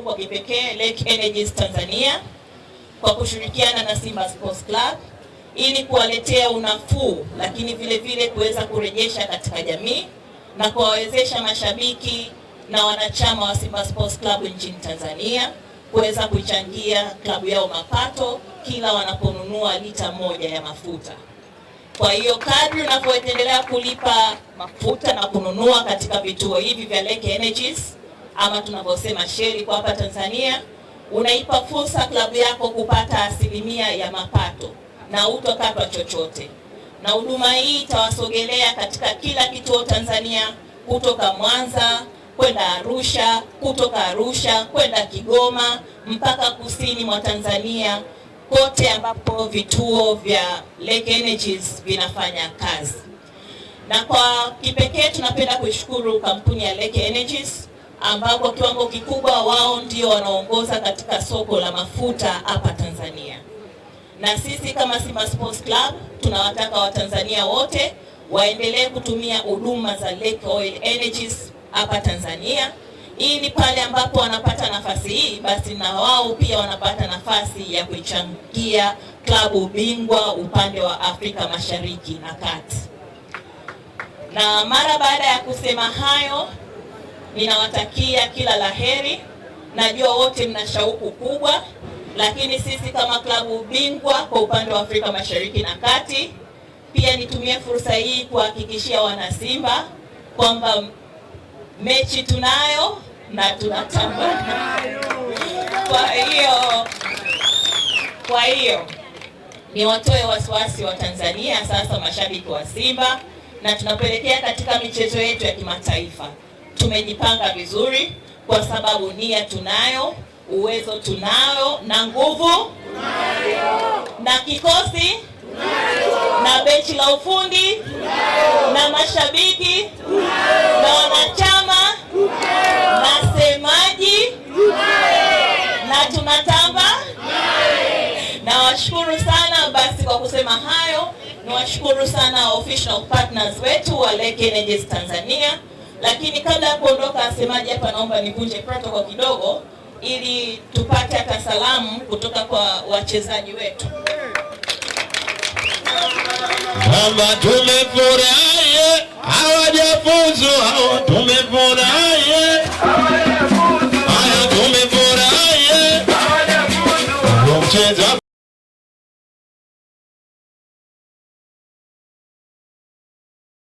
kushukuru kwa kipekee Lake Energies Tanzania kwa kushirikiana na Simba Sports Club ili kuwaletea unafuu, lakini vile vile kuweza kurejesha katika jamii na kuwawezesha mashabiki na wanachama wa Simba Sports Club nchini Tanzania kuweza kuchangia klabu yao mapato kila wanaponunua lita moja ya mafuta. Kwa hiyo kadri unavyoendelea kulipa mafuta na kununua katika vituo hivi vya Lake Energies ama tunavyosema sheri kwa hapa Tanzania, unaipa fursa klabu yako kupata asilimia ya mapato na utokatwa chochote, na huduma hii itawasogelea katika kila kituo Tanzania, kutoka Mwanza kwenda Arusha, kutoka Arusha kwenda Kigoma, mpaka kusini mwa Tanzania kote ambapo vituo vya Lake Energies vinafanya kazi. Na kwa kipekee tunapenda kuishukuru kampuni ya Lake Energies ambapo kiwango kikubwa wao ndio wanaongoza katika soko la mafuta hapa Tanzania. Na sisi kama Simba Sports Club tunawataka Watanzania wote waendelee kutumia huduma za Lake Oil Energies hapa Tanzania ili pale ambapo wanapata nafasi hii basi na wao pia wanapata nafasi ya kuichangia klabu bingwa upande wa Afrika Mashariki na Kati. Na mara baada ya kusema hayo ninawatakia kila laheri. Najua wote mna shauku kubwa, lakini sisi kama klabu bingwa kwa upande wa Afrika Mashariki na Kati, pia nitumie fursa hii kuhakikishia wanasimba kwamba mechi tunayo na tunatambana. Kwa hiyo kwa hiyo niwatoe wasiwasi wa Tanzania sasa, mashabiki wa Simba, na tunapelekea katika michezo yetu ya kimataifa tumejipanga vizuri, kwa sababu nia tunayo, uwezo tunayo, na nguvu tunayo, na kikosi tunayo, na benchi la ufundi tunayo, na mashabiki tunayo, na wanachama tunayo, na semaji tunayo, na tunatamba tunayo. Nawashukuru sana. Basi kwa kusema hayo, niwashukuru sana official partners wetu wa Lake Energies Tanzania lakini kabla ya kuondoka, asemaji hapa, naomba nivunje protocol kidogo, ili tupate hata salamu kutoka kwa wachezaji wetu Mama, tumefurahi, hawajafuzu hao, tumefurahi haya, tumefurahi